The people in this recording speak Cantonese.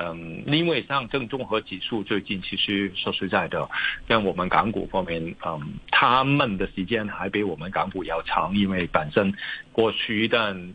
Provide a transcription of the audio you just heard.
嗯，因為上證綜合指數最近其實說實在的，像我們港股方面，嗯，他們的時間還比我們港股要長，因爲本身過去一段。